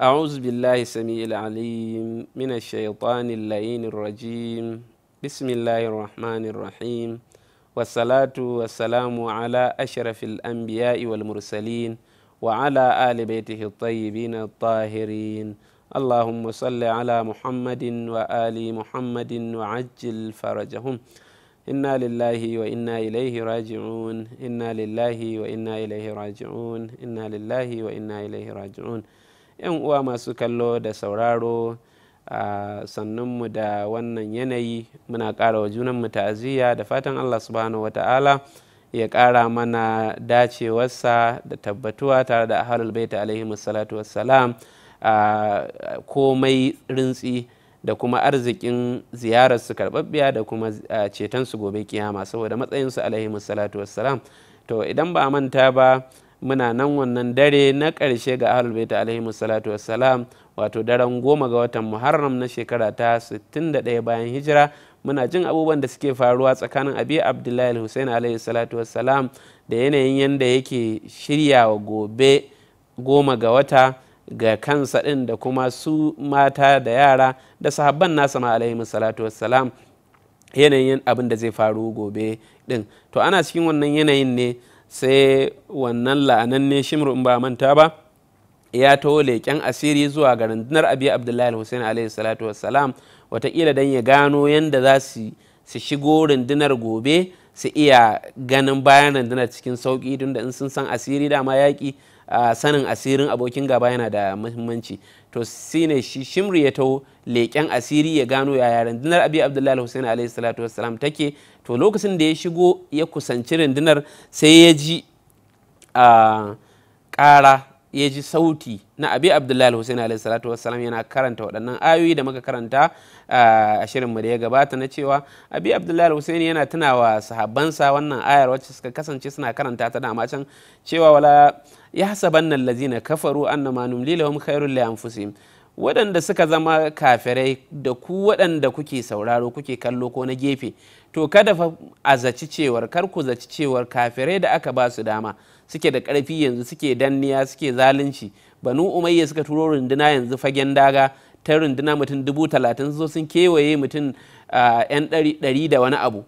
أعوذ بالله السميع العليم من الشيطان اللئيم الرجيم بسم الله الرحمن الرحيم والصلاة والسلام على أشرف الأنبياء والمرسلين وعلى آل بيته الطيبين الطاهرين اللهم صل على محمد وآل محمد وعجل فرجهم إنا لله وإنا إليه راجعون إنا لله وإنا إليه راجعون إنا لله وإنا إليه راجعون 'yan uwa masu kallo da sauraro a sannunmu da wannan yanayi muna ƙara wa junanmu ta'aziyya da fatan allah subhanahu wata'ala ya ƙara mana dacewarsa da tabbatuwa tare da ahalul baita alaihi salatu wassalam a komai rintsi da kuma arzikin ziyararsu karɓaɓɓiya da kuma cetonsu gobe kiyama saboda matsayinsu alaihi salatu wassalam to idan ba manta ba muna nan wannan dare na ƙarshe ga ahlul alaihi salatu wassalam wato daren goma ga watan muharram na shekara ta 61 bayan hijira muna jin abubuwan da suke faruwa tsakanin abi abdullahi hussein alaihi salatu wassalam da yanayin yadda yake shiryawa gobe goma ga wata ga kansa ɗin da kuma su mata da yara da sahabban nasa ma alaihi salatu wassalam yanayin abin da zai faru gobe ɗin to ana cikin wannan yanayin ne sai wannan la'ananne shimru in ba manta ba ya taho leƙen asiri zuwa ga rundunar abi abdullahi hussein alaihi salatu wassalam watakila don ya gano yadda za su su shigo rundunar gobe su iya ganin bayan rundunar cikin sauƙi tunda in sun san asiri dama yaƙi sanin asirin abokin gaba yana da muhimmanci to shine shi shimri ya taho leƙen asiri ya gano ya yaya rundunar abi abdullahi al alaihi salatu wassalam take to lokacin da ya shigo ya kusanci rundunar sai ya ji a ah, ƙara ya ji sauti na abi abdullahi hussein alaihi salatu wassalam yana karanta waɗannan ayoyi da muka karanta ah, a shirin mu da ya gabata na cewa abi abdullahi hussein yana tunawa sahabbansa wannan ayar wacce suka kasance suna karanta ta dama can cewa wala ya yahsabanna allazina kafaru annama numli lahum khairul li anfusihim waɗanda suka zama kafirai da ku waɗanda kuke sauraro kuke kallo ko na gefe to kada fa a zaci cewar kar ku zaci cewar kafirai da aka ba su dama suke da ƙarfi yanzu suke danniya suke zalunci banu umayya suka turo runduna yanzu fagen daga ta runduna mutum dubu talatin so sun kewaye mutum yan ɗari da wani abu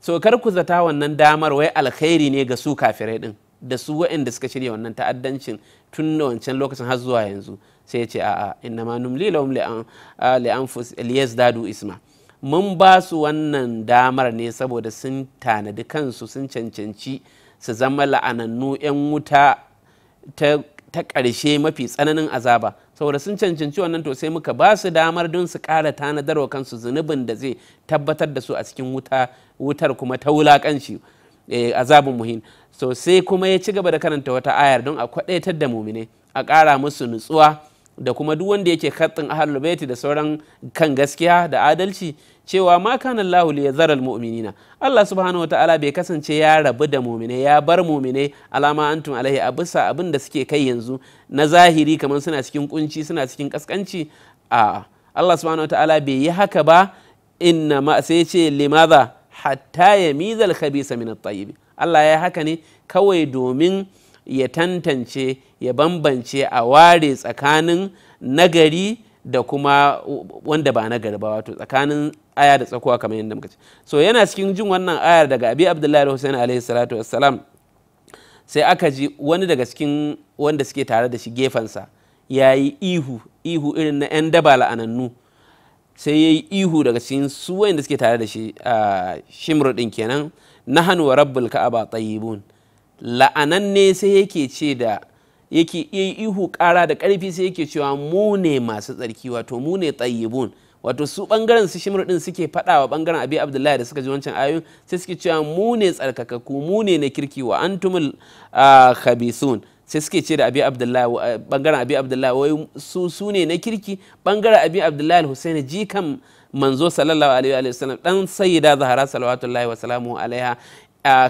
so kar ku zata wannan damar wai alkhairi ne ga su kafirai din da su waɗanda suka shirya wannan ta'addancin tun da wancan lokacin har zuwa yanzu sai ya ce a'a inna ma numli lahum li anfus liyazdadu isma mun ba su wannan damar ne saboda sun tanadi kansu sun cancanci su zama la'anannu 'yan wuta ta ƙarshe mafi tsananin azaba saboda sun cancanci wannan to sai muka ba su damar don su ƙara tanadarwa kansu zunubin da zai tabbatar da su a cikin wutar kuma ta wulaƙanci eh, azabin muhin so sai kuma ya ci gaba da karanta wata ayar don a kwaɗaitar da mumine a ƙara musu nutsuwa da kuma duk wanda yake katsin ahlul baiti da sauran kan gaskiya da adalci cewa ma kana Allahu li yazara almu'minina Allah subhanahu wataala bai kasance ya rabu da mu'mine ya bar mu'mine alama antum alaihi abisa abin da suke kai yanzu na zahiri kamar suna cikin kunci suna cikin kaskanci a Allah subhanahu wataala bai yi haka ba inna ma sai ce limadha hatta yamizal khabisa min at-tayyib Allah ya haka ne kawai domin ya tantance ya bambance a ware tsakanin nagari da kuma wanda ba nagari ba wato tsakanin aya da tsakuwa kamar yadda muka ce so yana cikin jin wannan ayar daga abi abdullahi da husain alaihi salatu wassalam sai aka ji wani daga cikin wanda suke tare da shi gefensa ya yi ihu ihu irin na 'yan daba la'anannu sai ya yi ihu daga cikin su wanda suke tare da shi a shimru din kenan na hannu wa rabbul ka'aba tsayibun la'ananne sai yake ce da yake iya ihu kara da karfi sai yake cewa mu ne masu tsarki wato mu ne tsayibun wato su bangaren su shimr din suke fadawa wa bangaren abi abdullahi da suka ji wancan ayoyin sai suke cewa mu ne tsarkakakku mu ne na kirki wa antumul khabisun sai suke ce da abi abdullahi bangaren abi abdullahi wai su su ne na kirki bangaren abi abdullahi al ji jikan manzo sallallahu alaihi wa sallam dan sayyida zahara salawatullahi wa salamu alaiha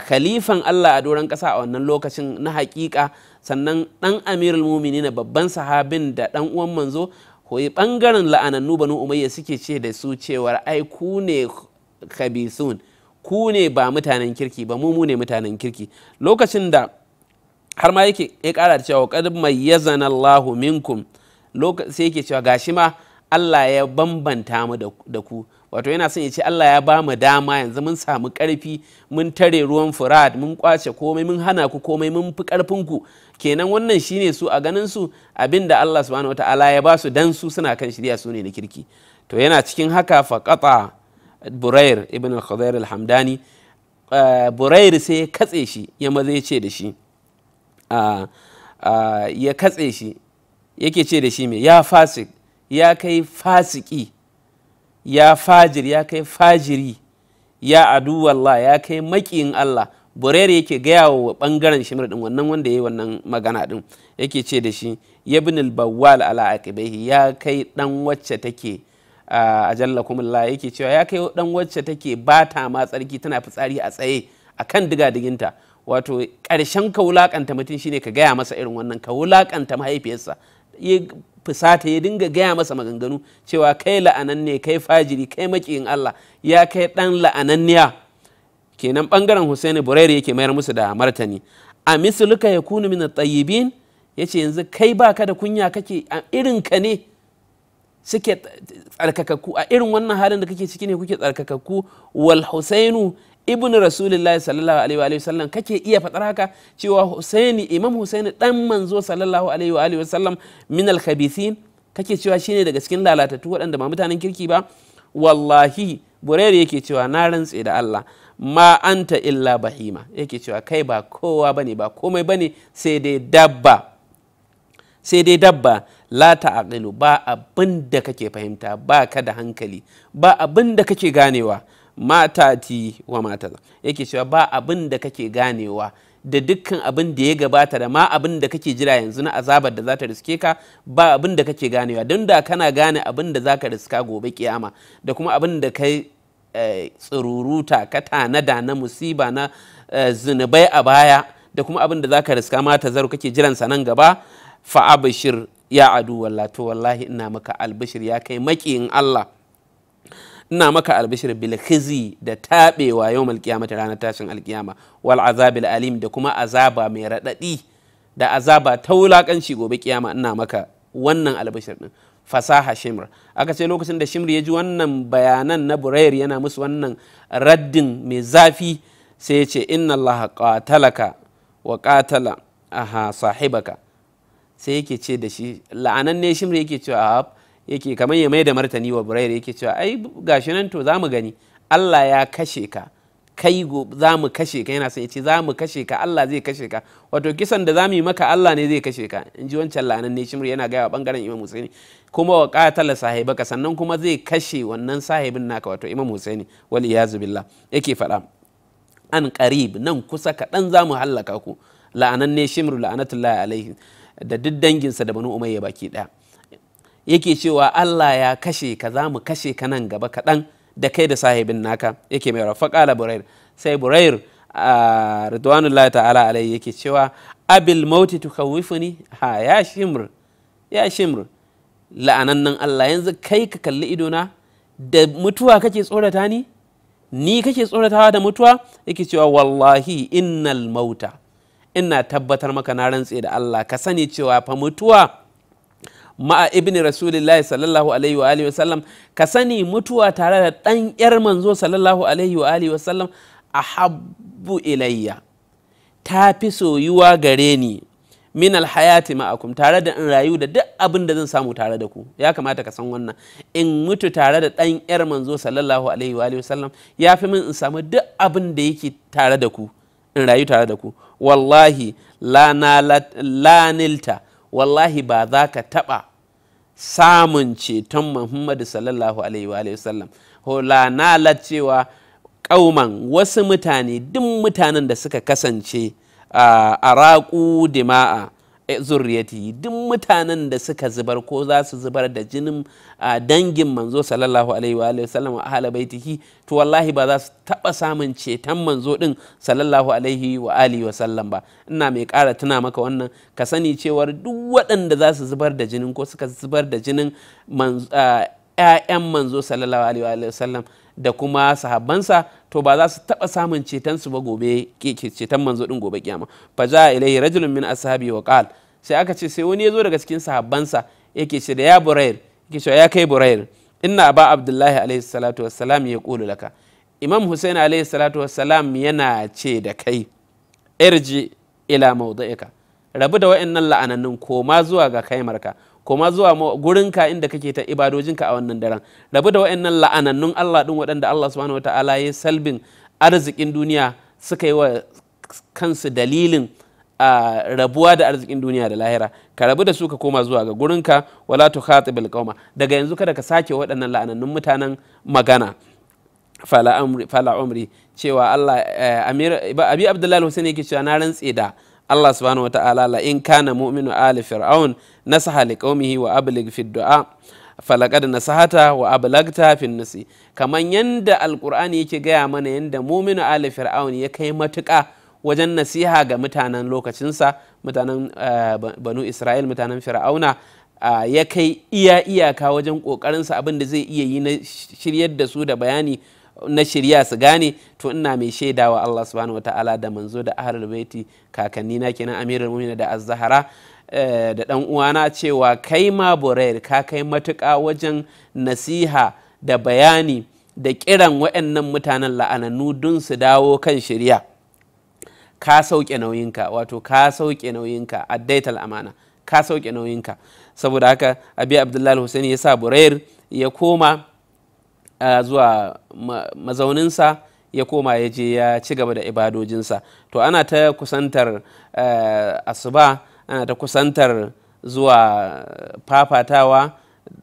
khalifan Allah a doron ƙasa a wannan lokacin na hakika sannan ɗan amirul mumini na babban sahabin da ɗan uwan manzo hoyi bangaren la'anannu banu umayya suke ce da su cewar ai ku ne khabisun ku ne ba mutanen kirki ba mu ne mutanen kirki lokacin da har ma yake ya ƙara da cewa kad mayyazana Allahu minkum sai yake cewa gashi ma Allah ya bambanta mu da ku wato yana son ya ce Allah ya ba mu dama yanzu mun samu karfi mun tare ruwan furad mun kwace komai mun hana ku komai mun fi karfin ku kenan wannan shine su a ganin su abinda Allah subhanahu wataala ya ba su dan su suna kan shirya su ne na kirki to yana cikin haka faqata burair ibn al-khudair al-hamdani eh, burair sai ya katse shi ya maza ya ce da shi ya katse shi yake ce da shi me ya fasik ya kai fasiki ya fajir ya kai fajiri ya adu allah ya kai makiyin Allah burere yake gaya wa bangaren shimir din wannan wanda ya yi wannan magana din yake ce da shi ya bin albawal ala akibaihi ya kai dan wacce take a jallakumullah yake cewa ya kai dan wacce take bata ma tsarki tana fitsari a tsaye a kan diga-diginta wato karshen ka wulakanta mutum shine ka gaya masa irin wannan ka wulakanta mahaifiyarsa fusata ya dinga gaya masa maganganu cewa kai la'ananne kai fajiri kai makiyin Allah ya kai dan la'ananniya kenan bangaren Husaini Burairi yake mayar musu da martani a misluka yakunu min at-tayyibin yace yanzu kai baka da kunya kake a irin ka ne suke tsarkakakku a irin wannan halin da kake ciki ne kuke tsarkakakku wal husainu ibn rasulullahi sallallahu alaihi wa sallam kake iya fadar haka cewa husaini imam husaini dan manzo sallallahu alaihi wa sallam min al kake cewa shine daga cikin lalatattu waɗanda ba mutanen kirki ba wallahi burayri yake cewa na rantse da Allah ma anta illa bahima yake cewa kai ba kowa bane ba komai bane sai dai dabba sai dai dabba la aqilu ba abin kake fahimta ba ka da hankali ba abinda kake ganewa mata ti wa mata yake cewa ba abin da kake ganewa da dukkan abin da ya gabata da ma abin da kake jira yanzu na azabar da za ta riske ka ba abin da kake ganewa don da kana gane abin da za ka riska gobe kiyama da kuma abin da kai eh, tsururuta ka tanada na musiba na eh, zunubai a baya da kuma abin da za ka riska mata zaru zaro kake jiransa nan gaba faabashir ya adu wallahi ina maka albashir ya kai makiyin Allah ina maka albishir bil khizi da tabewa yawmal ta ranar tashin alkiyama wal azabil alim da kuma azaba mai radadi da azaba ta wulakanci gobe kiyama ina maka wannan albishir din fasaha shimr aka ce lokacin da shimr ya ji wannan bayanan na burayir yana musu wannan raddin mai zafi sai ya ce inna allaha qatalaka wa qatala aha sahibaka sai yake ce da shi la'anan ne shimr yake cewa yake kamar ya mai da martani wa buraira yake cewa ai gashi nan to zamu gani Allah ya kashe ka kai za mu kashe ka yana son ya ce za mu kashe ka Allah zai kashe ka wato kisan da za yi maka Allah ne zai kashe ka in ji wancan lanan ne shimri yana gaya wa bangaren imam Husaini kuma wa qatala sahibaka sannan kuma zai kashe wannan sahibin naka wato imam Husaini wal iyazu billah yake faɗa an qarib nan kusa kaɗan za mu hallaka ku la'anan ne shimru la'anatullahi alaihi da duk danginsa da banu umayya baki ɗaya yake cewa Allah ya kashe ka za mu kashe ka nan gaba kaɗan da kai da sahibin naka yake mai rafa ƙala burair sai burair a ridwanullahi ta'ala alai yake cewa abil mauti tukawwifuni ha ya shimr ya shimr la'anannan Allah yanzu kai ka kalli idona da mutuwa kake tsorata ni ni kake tsoratawa da mutuwa yake cewa wallahi innal mauta ina tabbatar maka na rantse da Allah ka sani cewa fa mutuwa ma'a ibn rasulillahi sallallahu alaihi wa alihi sallam ka sani mutuwa tare da ɗan yar manzo sallallahu alaihi wa alihi wa a ahabbu ilayya ta fi soyuwa gare ni min alhayati ma'akum tare da in rayu da duk abin da zan samu tare da ku ya kamata ka san wannan in mutu tare da ɗan yar manzo sallallahu alaihi wa alihi sallam ya fi min in samu duk abin da yake tare da ku in rayu tare da ku wallahi la nilta wallahi ba za ka taɓa samun ceton muhammadu sallallahu alaihi wa sallam hola na cewa ƙauman wasu mutane duk mutanen da suka kasance a raƙu dima'a Eh, zuriyati duk mutanen da suka zubar ko za su zubar da jinin a ah, dangin manzo sallallahu alaihi wa sallam wa ahla baitihi to wallahi ba za su taba samun ceton manzo din sallallahu alaihi wa alihi wa sallam ba ina mai ƙara tuna maka wannan ka sani cewar duk waɗanda za su zubar da jinin ko suka zubar da jinin ‘ya'yan ah, manzo sallallahu alaihi wa sallam da kuma sahabbansa to ba za su taɓa samun ceton su ba gobe ceton manzo din gobe kiyama fa ja ilai rajulun min ashabi wa qal sai aka ce sai wani ya zo daga cikin sahabbansa yake ce da ya burayr yake ce ya kai burayr inna aba abdullahi alaihi salatu wassalam ya qulu laka imam husain alaihi salatu wassalam yana ce da kai irji ila mawda'ika rabu da wa'annan la'anannin koma zuwa ga kaimarka koma zuwa gurinka inda kake ta ibadojinka a wannan daren rabu da wa'annan la'anannun Allah din waɗanda Allah subhanahu ta'ala ya salbin arzikin duniya suka yi wa kansu dalilin rabuwa da arzikin duniya da lahira ka rabu da su ka koma zuwa ga gurinka wala tu khatibul qauma daga yanzu kada ka sake waɗannan la'anannun mutanen magana fala umri cewa Allah eh, Amir Abi Abdullahi Hussein yake cewa na rantse da Allah subhanahu wa ta'ala la in kana mu'minu ali fir'aun nasaha liqaumihi wa ablig fi du'a falaqad nasahata wa ablagta fi nasi kaman yanda alqur'ani yake gaya mana yanda mu'minu ali fir'aun ya kai matuƙa wajen nasiha ga mutanen lokacinsa mutanen eh, banu isra'il mutanen fir'auna ya kai iya iyaka wajen ƙoƙarinsa abin da zai iya yi na shiryar da su da bayani na shirya su gane to ina mai shaidawa Allah subhanahu ta'ala da manzo da ahlul baiti kakanni na kenan amirul mu'minin da az zahra eh, da dan uwana cewa kai ma burair ka kai matuƙa wajen nasiha da bayani da kiran waɗannan mutanen la'anannu don su dawo kan shirya ka sauke nauyinka wato ka sauke nauyinka addaital amana ka sauke nauyinka saboda haka abi abdullahi hussein ya sa burair ya koma zuwa mazauninsa ya koma ya je ya ci gaba da ibadojinsa to ana ta kusantar asuba ana ta kusantar zuwa fafatawa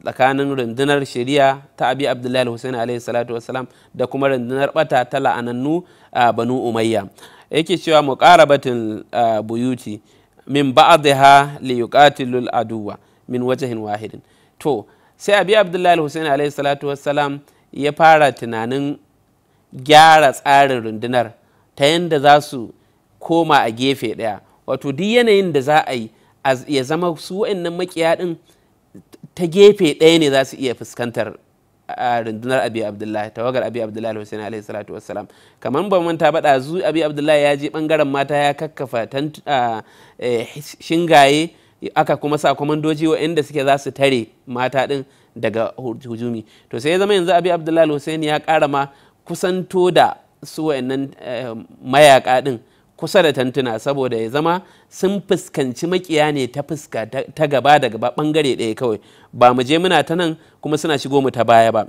tsakanin rundunar shari'a ta abi abdullahi hussein alaihi salatu wasalam da kuma rundunar bata ta la'anannu a banu umayya yake cewa muqarabatul buyuti min ba'dha li yuqatilul aduwa min wajhin wahidin to sai abi abdullahi hussein alaihi salatu wasalam ya fara tunanin gyara tsarin rundunar ta yadda za su koma a gefe ɗaya wato duk yanayin da za a yi ya zama su wa'annan makiya ɗin ta gefe ɗaya ne za su iya fuskantar a rundunar abi abdullahi tawagar abi abdullahi hussein alaihi salatu wassalam kamar ba manta bada zu abi abdullahi ya je bangaren mata ya kakkafa eh, shingaye aka kuma sa wa waɗanda suke za su tare mata din. daga hujumi to sai ya zama yanzu abi abdullahi hussein ya kara ma kusanto da su wayannan eh, mayaka din kusa da tantuna saboda ya zama sun fuskanci makiya ne ta fuska ta gaba da gaba bangare ɗaya kawai ba mu je muna ta nan kuma suna shigo mu ta baya ba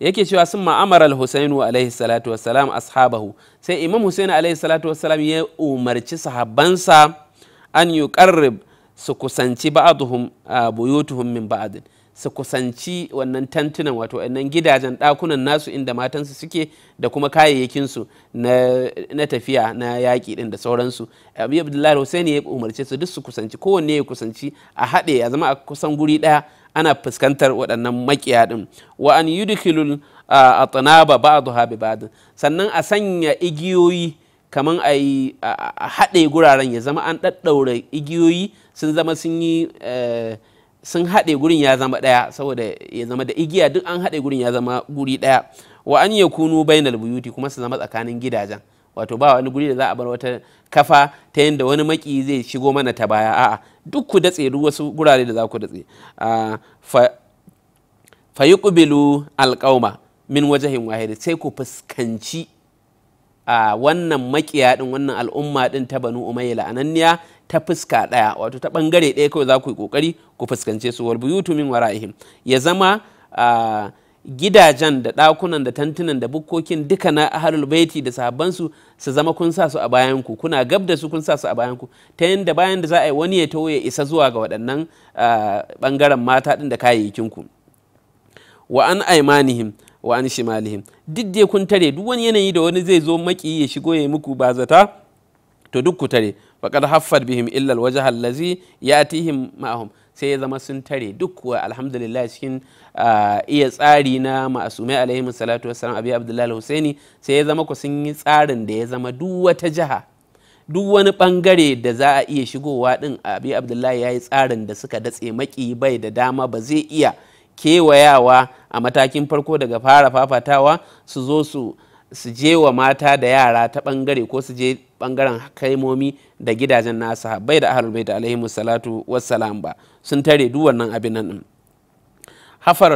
yake cewa sun ma'amara al-husainu alaihi salatu wassalam ashabahu sai imam husainu alaihi salatu wassalam ya umarci sahabbansa an yuqarrib su kusanci ba'aduhum ah, buyutuhum min ba'adin su kusanci wannan tantunan wato wannan gidajen ɗakunan nasu inda matansu suke da kuma kayayyakinsu na tafiya na yaƙi ɗin da sauransu abu abdullahi hussein ya umarce su duk su kusanci kowanne ya kusanci a haɗe ya zama a kusan guri ɗaya ana fuskantar waɗannan maƙiya ɗin wa an a tsanaba ba ba'daha bi sannan a sanya igiyoyi kamar a yi haɗe guraren ya zama an ɗaɗɗaura igiyoyi sun zama sun yi eh, sun haɗe gurin ya zama ɗaya saboda ya zama da igiya duk an haɗe gurin ya zama guri ɗaya wa an ya kunu bainal buyuti kuma su zama tsakanin gidajen wato ba wani guri da za a bar wata kafa ta yadda wani maki zai shigo mana ta baya a'a duk ku datse duk wasu gurare da za ku datse fa yuqbilu alqauma min wajahin wahid sai ku fuskanci a wannan makiya din wannan al'umma din ta banu umayla la'ananniya ta fuska ɗaya wato ta ɓangare ɗaya kawai za ku yi ƙoƙari ku fuskance su wal buyutu min wara'ihim ya zama gidajen da ɗakunan da tantunan da bukkokin duka na ahlul baiti da sahabban su zama kun sa su a bayan ku kuna gab da su kun sa su a bayan ku ta yadda bayan da za a yi wani ya tawo ya isa zuwa ga waɗannan ɓangaren mata ɗin da kayayyakin ku wa an aimanihim wa an shimalihim duk dai kun tare duk wani yanayi da wani zai zo maki ya shigo ya yi muku bazata to duk ku tare Faƙar haffat bihim illal waje hallazi ya tihin ma'ahum sai ya zama sun tare duk kuwa alhamdulillah cikin ah, iya tsari na ma'asumai alaihi salatu wassalam abi abdullahi husaini sai ya zama ku sun yi tsarin da ya zama duk wata jiha duk wani bangare da za a iya shigowa din abi abdullahi ya yi tsarin da suka datse maki bai da dama ba zai iya kewayawa a matakin farko daga fara fafatawa su zo su je wa mata da yara ta bangare ko su je bangaren kaimomi da gidajen nasa bai da bai da alaihimu salatu wassalam ba sun tare duk wannan abin nan hafar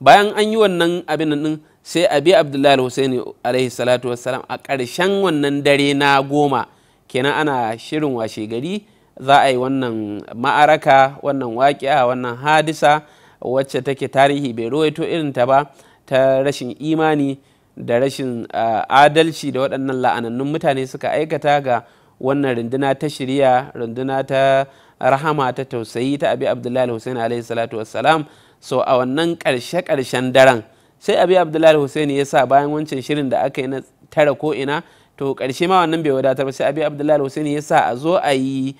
bayan an yi wannan abin nan sai abi abdullahi al-husaini alaihi salatu wassalam a ƙarshen wannan dare na goma kenan ana shirin washe gari za a yi wannan ma'araka wannan waƙiya wannan hadisa wacce take tarihi bai ruwaito irin ta ba ta rashin imani da rashin adalci da waɗannan la'anannun mutane suka aikata ga wannan runduna ta shirya runduna ta rahama ta tausayi ta abi abdullahi hussein alaihi salatu wassalam so a wannan ƙarshe ƙarshen daren sai abi abdullahi hussein ya sa bayan wancan shirin da aka yi na tara ko ina to ƙarshe ma wannan bai wadatar ba sai abi abdullahi hussein ya sa a zo a yi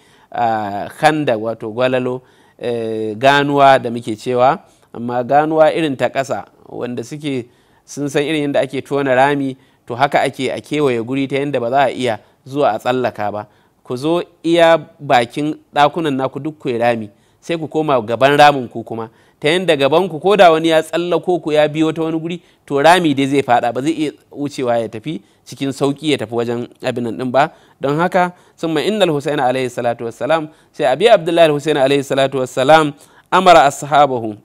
khanda wato gwalalo eh, ganuwa da muke cewa amma ganuwa irin ta ƙasa wanda suke sun san irin yadda ake tona rami to haka ake a kewaye guri ta yadda ba za a iya zuwa a tsallaka ba ku zo iya bakin ɗakunan naku duk ku rami sai ku koma gaban ramin ku kuma ta yadda gaban ku da wani ya tsallako ku ya biyo ta wani guri to rami dai zai fada ba zai iya wucewa ya tafi cikin sauki ya tafi wajen abin din ba don haka summa innal husain alaihi salatu wassalam sai abi abdullahi husain alaihi salatu wassalam amara ashabahu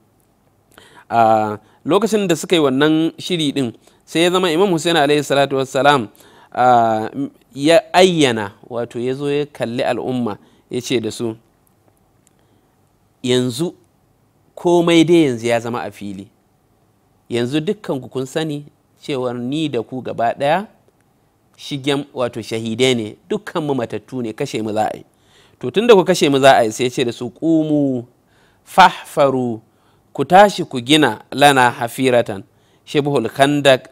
a ah, lokacin da suka yi wannan shiri din sai ya zama imam hussein alaihi salatu wassalam ya ayyana wato ya zo ya kalli al'umma ya ce da su yanzu komai dai yanzu ya zama a fili yanzu dukkan kun sani cewar ni da ku gaba ɗaya shigen wato shahidai ne dukkan mu matattu ne kashe mu za yi to da ku kashe mu za a yi sai ce da su ƙumu fahfaru ku tashi ku gina lana hafiratan shibhul kandak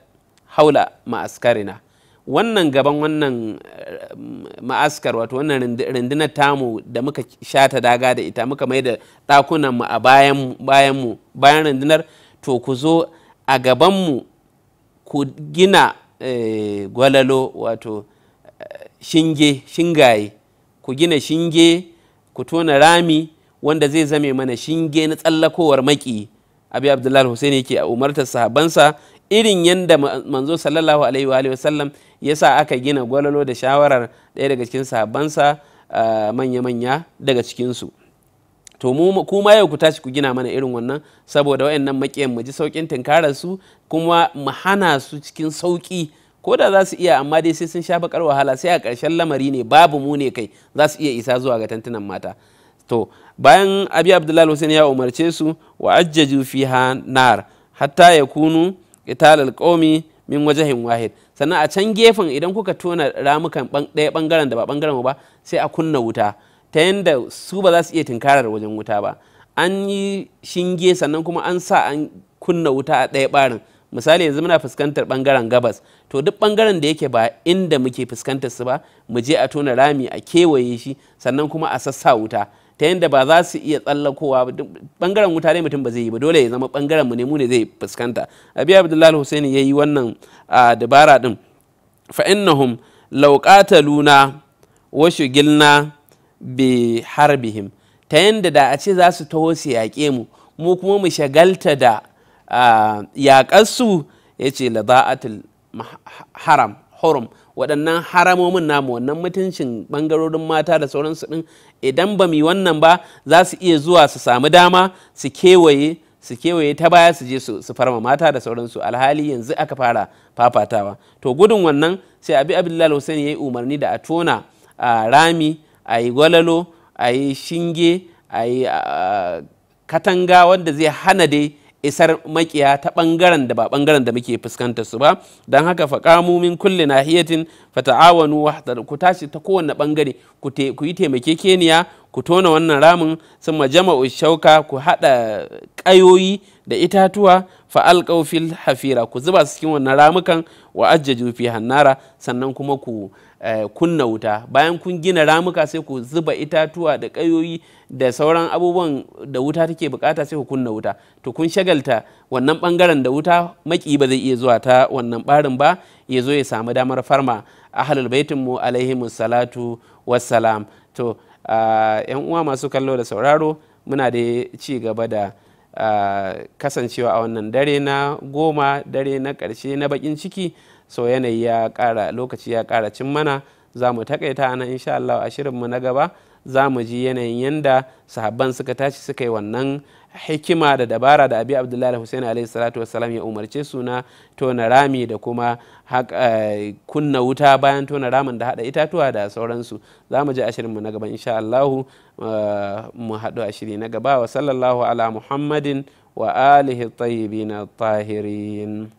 haula ma'askarina wannan gaban wannan eh, ma'askar wato wannan rundunar tamu da muka shata daga da ita muka mai da mu a bayan bayan bayan rundunar to ku zo a gabanmu ku gina eh, gwalalo wato eh, shinge shingaye ku gina shinge ku tona rami wanda zai zame mana shinge na tsallakowar maki abi abdullahi hussein yake a umartar sahabansa irin yadda manzo sallallahu alaihi wa sallam ya sa aka gina gwalolo da shawarar ɗaya daga cikin sahabansa manya-manya daga cikinsu to mu kuma yau ku tashi ku gina mana irin wannan saboda wayannan makiyan mu ji saukin tinkarar su kuma mu hana su cikin sauki ko da za su iya amma dai sai sun sha bakar wahala sai a karshen lamari ne babu mu ne kai za su iya isa zuwa ga tantunan mata to bayan abi abdullahi hussein ya umarce su wa ajjaju fiha nar hatta ya kunu ital qaumi min wajahin wahid sannan a can gefen idan kuka tona ramukan ɗaya bangaren da ba bangaren ba sai a kunna wuta ta yanda su ba za su iya tinkarar wajen wuta ba an yi shinge sannan kuma an sa an kunna wuta a ɗaya barin misali yanzu muna fuskantar bangaren gabas to duk bangaren da yake ba inda muke fuskantar su ba mu je a tona rami a kewaye shi sannan kuma a sassa wuta ta yadda ba za su iya tsallakowa bangaren wuta dai mutum ba zai yi ba dole ya zama bangaren mu ne mu ne zai fuskanta abi abdullahi husaini yayi wannan dabara din fa innahum law qataluna wa shugilna bi harbihim ta yadda da a ce za su taho su yaƙe mu mu kuma mu shagalta da yaƙarsu ya ce la haram hurum waɗannan haramomin namu wannan mutuncin bangarorin mata da sauransu ɗin idan ba mu wannan ba za su iya zuwa su samu dama su kewaye su kewaye ta baya su je su farma mata da sauransu alhali yanzu aka fara fafatawa to gudun wannan sai abi abdullahi hussein ya yi umarni da a tona a rami a yi gwalalo a yi shinge a yi katanga wanda zai hana dai isar makiya ta bangaren da ba bangaren da muke fuskantar su ba don haka faƙamu min kulli nahiyatin fata'awanu ku tashi ta kowane bangare ku yi keniya ku tona wannan ramin sun majama'u shauka ku haɗa ƙayoyi da itatuwa fa'alƙaufil hafira ku zuba cikin wannan ramukan wa ajjaju fi hannara sannan kuma ku Eh, kunna wuta bayan kun gina ramuka sai ku zuba itatuwa da ƙayoyi da sauran abubuwan da wuta take bukata sai ku kunna wuta to kun shagalta wannan bangaren da wuta maki ba zai iya zuwa ta wannan barin ba ya zo ya samu damar farma ahlul baitin mu alaihi salatu wassalam to eh, yan uwa masu kallo da sauraro muna da ci gaba da eh, kasancewa a wannan dare na goma dare na ƙarshe na bakin ciki so yanayi ya kara lokaci ya kara cin mana za mu takaita nan insha Allah a mu na gaba za mu ji yanayin yanda sahabban suka tashi suka yi wannan hikima da dabara da abi abdullahi hussein alayhi salatu wassalam ya umarce suna tona rami da kuma eh, kunna wuta bayan tona ramin da hada itatuwa da sauransu za mu ji mu na gaba insha Allah eh, mu haɗu a shiri na gaba wa sallallahu ala muhammadin wa alihi tayyibin tahirin